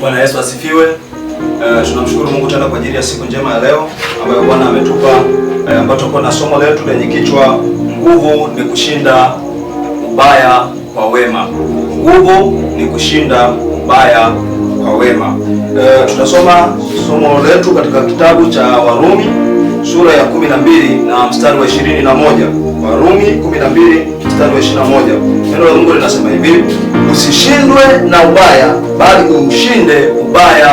Bwana Yesu asifiwe. Uh, tunamshukuru Mungu tena kwa ajili ya siku njema ya leo ambayo Bwana ametupa, eh, ambayo uh, na somo letu lenye kichwa nguvu ni kushinda ubaya kwa wema. Nguvu ni kushinda ubaya kwa wema. Uh, tutasoma somo letu katika kitabu cha Warumi sura ya 12 na mstari wa 21. Warumi 12 mstari wa moja Neno la Mungu linasema hivi, usishindwe na ubaya, bali umshinde ubaya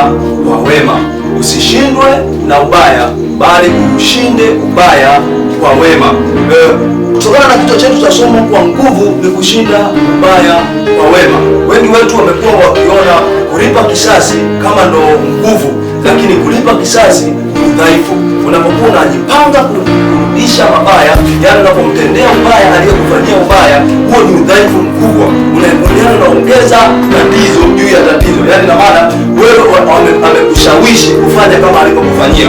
kwa wema. Usishindwe na ubaya, bali umshinde ubaya kwa wema. Eh, kutokana na kichwa chetu cha somo kwa nguvu ni kushinda ubaya kwa wema. Wengi wetu wamekuwa wakiona kulipa kisasi kama ndo nguvu, lakini kulipa kisasi ni udhaifu. Unapokuwa unajipanga kurudisha mabaya, yani unapomtendea ubaya aliyo kuleta tatizo juu ya tatizo, yaani na maana wewe amekushawishi kufanya kama alivyokufanyia.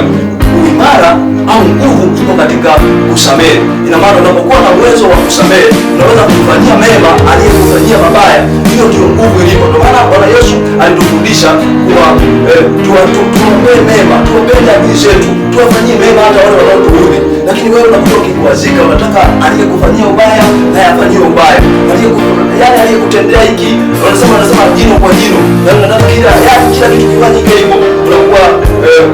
Uimara au nguvu kutoka katika kusamehe. Ina maana unapokuwa na uwezo wa kusamehe, unaweza kumfanyia mema aliyekufanyia mabaya. Hiyo ndio nguvu ilipo. Ndio maana Bwana Yesu alitufundisha kuwa eh, tuombe mema, tuombee adui zetu, tuwafanyie mema hata wale wanaotuudhi. Lakini wewe unakuwa ukikwazika, unataka aliyekufanyia ubaya na yafanyie ubaya, yale yaani aliyekutendea hiki jino kwa jino, na nadhani kila kila kitu kifanyike hivyo, unakuwa eh,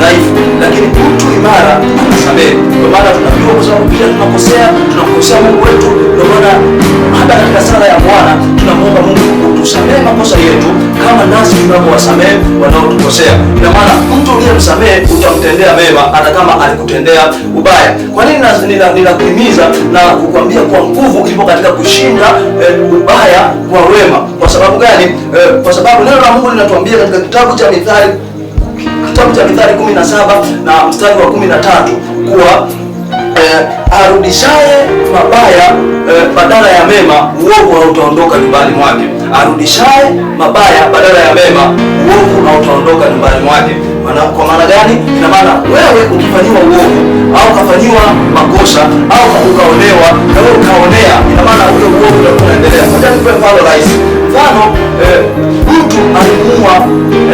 dhaifu, lakini mtu imara anasamehe. Kwa maana tunajua kwa sababu pia tunakosea, tunakosea Mungu wetu. Kwa maana hata katika sala ya Bwana tunamwomba Mungu kutusamehe makosa yetu kama nasi tunavyowasamehe wanaotukosea. Ina maana mtu uliyemsamehe utamtendea mema hata kama alikutendea ubaya. Kwa ninatimiza na kukwambia kwa nguvu ipo katika kushinda eh, ubaya kwa wema. Kwa sababu gani? Eh, kwa sababu neno la Mungu linatuambia katika kitabu cha Mithali, kitabu cha Mithali 17 na mstari wa 13 kuwa e, arudishaye mabaya e, badala ya mema, uovu hautaondoka nyumbani mwake. Arudishaye mabaya badala ya mema, uovu hautaondoka nyumbani mwake. Kwa maana gani? Ina maana wewe ukifanyiwa uovu kufanyiwa makosa au ukaonewa na wewe ukaonea, ina maana ule uovu utakuwa unaendelea. Ngoja nikupe mfano rahisi. Mfano eh, mtu alimuua,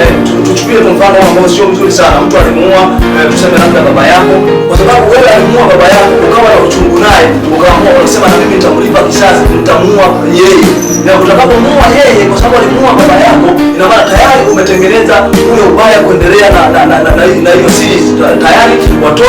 eh, tuchukulie kwa mfano ambao sio mzuri sana. Mtu alimuua eh, tuseme labda baba yako, kwa sababu wewe alimuua baba yako, ukawa na uchungu naye, ukaamua unasema na mimi nitamlipa kisasi, nitamuua yeye. Na utakapomuua yeye, kwa sababu alimuua baba yako, ina maana tayari umetengeneza ule ubaya kuendelea na na na hiyo series tayari watoto